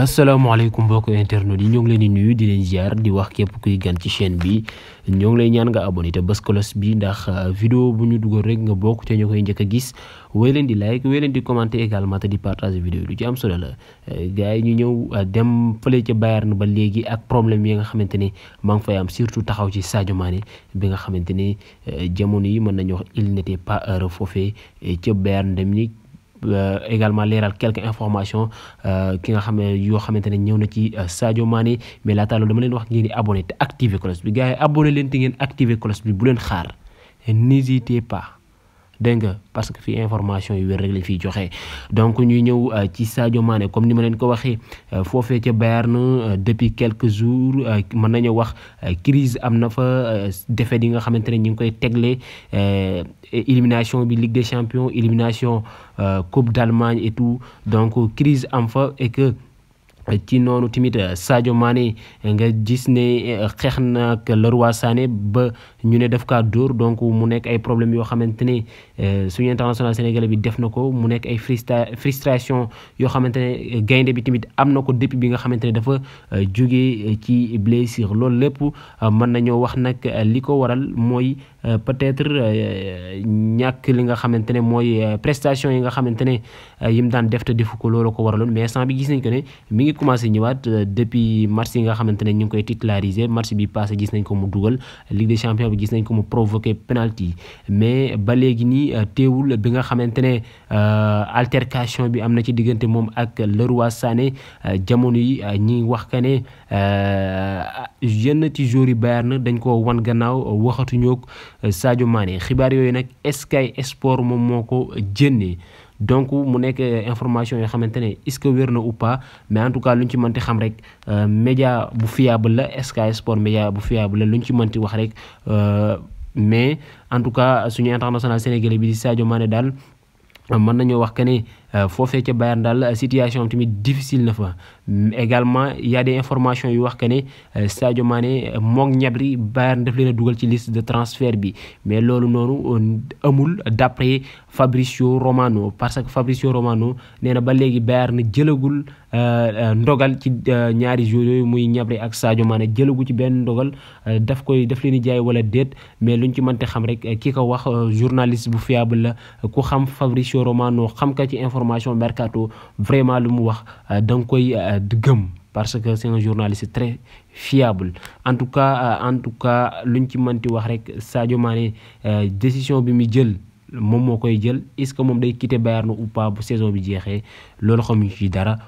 asalaamaaleykum mbokk internet yi ñoo ngi leen di nuyu di leen ziar di wax képp kuy gan ci chaîne bi ñoo ngi lay ñaan nga abonné te bës cloche bi ndax euh, vidéo bu ñu dugal rek nga bokk te ñu koy njëkk a gis way leen di like way leen di commenter également te di partager vidéo lu ci am solo la euh, gars yi ñu ñëw euh, dem fële ca na ba léegi ak problème yi nga xamante ne maa ngi fay am surtout taxaw ci Sadio Mané bi nga xamante ne jamono yi mën nañu wax il n'était pas ca Bayern Euh, également leral quelques informations euh, ki nga xamé yo yoo xamante na ci euh, Sadio Mané mais la talo dama leen wax ngeen di abonné et activer cloche bi gars yi abonné leen té ngeen activer cloche bi bu leen xaar n'hésitez pas dégg parce que fii information yu wér rek lañ fiy joxe donc ñuy ñëw euh, ci Sadio Mané comme ni ma leen ko waxee euh, foofee ca Bayern euh, depuis quelques jours mën nañu wax crise am na fa défaite yi nga xamante ne ñu ngi koy tegle élimination bi Ligue des Champions élimination Coupe d'Allemagne et tout donc crise am fa et que ci noonu timit euh, Sadio Mané euh, nga gis ne euh, xeex na ak Leroy Sané ba ñu ne daf kaa dóor donc mu nekk ay problèmes yoo xamante ne suñu international sénégalais bi def na ko mu nekk ay frustration yoo xamante ne gaynde bi timit am na ko depuis bi nga xamante ne dafa jógee ci blessure loolu lépp mën nañoo wax nag li ko waral mooy peut-être ñàkk li nga xamante ne mooy prestation yi nga xamante ne yim daan def te defu ko loolu ko waraloon mais sans bi gis nañ ko ne mi ngi commencé ñëwaat euh, depuis match yi nga xamante ne ñu ngi koy titulariser match bi passé gis nañ ko mu dugal Ligue des champions bi gis nañ ko mu provoquer penalty mais ba léegi nii euh, teewul bi nga xamante ne euh, altercation bi am na ci diggante moom ak le roi Sané jamono yi ñi wax ka ne yenn ci joueurs yi Bayern dañ ko wan gannaaw waxatuñoo Sadio Mané xibaar yooyu nag Sky Sport moom moo ko jënnee donc mu nekk euh, information yoo xamante ne est-ce que wér na ou pas mais en tout cas lu ñu ci mënti xam rek euh, média bu fiable la Sky Sport média bu fiable la lu ñu ci mënti wax rek euh, mais en tout cas suñu international sénégalais bi di Sadio Mané daal mën nañoo wax que ne foofee ca Bayern daal situation am tamit difficile na fa. également y a informations yu wax que ne euh, Sadio maane euh, mook ñabri Bayern daf leen a dugal ci liste de transfert bi mais loolu noonu euh, amul d'après Fabrizio Romano parce que Fabrizio Romano nee na ba léegi na jëlagul ndogal ci ñaari joueurs yooyu muy ñabri ak Sadio Mané jëlagu ci benn ndogal def koy def leen di jaay wala déet mais luñ ci mënte xam rek ki ko wax journaliste bu fiable la ku xam Fabrizio Romano xam ka ci information mercato vraiment lu mu wax da koy. Euh, du gëm parce que c'est un journaliste très fiable en tout cas euh, en tout cas luñ ci manti wax rek Sadio Mané euh, décision bi mi jël mom moo koy jël est-ce que mom day quitter Bayern ou pas bu saison bi jeexee loolu xamuñu ci dara.